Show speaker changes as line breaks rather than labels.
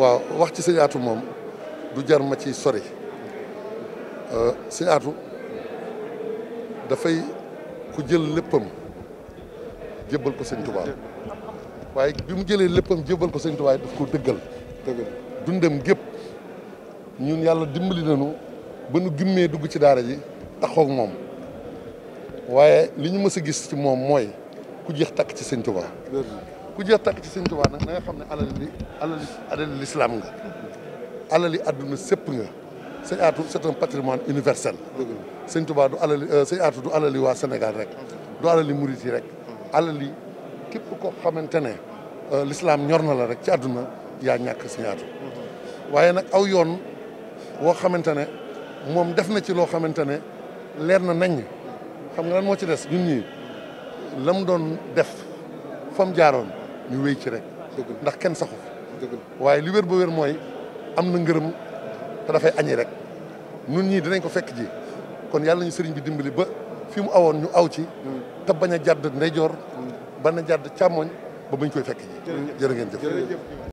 waaw wax ci sëñ moom du jar ma ci sori euh, sëñ dafay ku jël léppam jébbal ko sëñ Touba waaye bi jëlee léppam jébbal ko sëñ Touba daf ko dëggal dundam gépp ñun yàlla dimbali nañu ba nu gimmee dugg ci daara ji taxoog moom waaye li ñu mës gis ci moom mooy ku jeex takk ci sëñ Touba ku jeex tàkk ci sëñ Tuubaa nag na xam ne alal li alali alali lislaam nga alali adduna sépp nga sëñ Atou c'est un patrimoine universel sëñ Tuubaa du alali euh, sëñ Atou du alali waa Sénégal rek du alali murit yi rek alali képp koo xamante ne euh, lislaam ñor na la rek ci àdduna yaa ñàkk sëñ waaye nag aw yoon woo xamante ne moom def na ci loo xamante ne leer na nañ xam nga lan moo ci des ñun ñii la doon def fa jaaroon ñu wéy ci rek. ndax kenn saxu waaye li wér ba wér mooy am na ngërëm te dafay añi rek nun ñii dinañ ko fekk ji kon yàlla ñu sëriñ bi dimbali ba fi mu awoon ñu aw ci hmm. te bañ a jàdd ndeyjoor hmm. ban a jàdd càmmoñ ba buñ koy fekk ji jërë ngeen jëf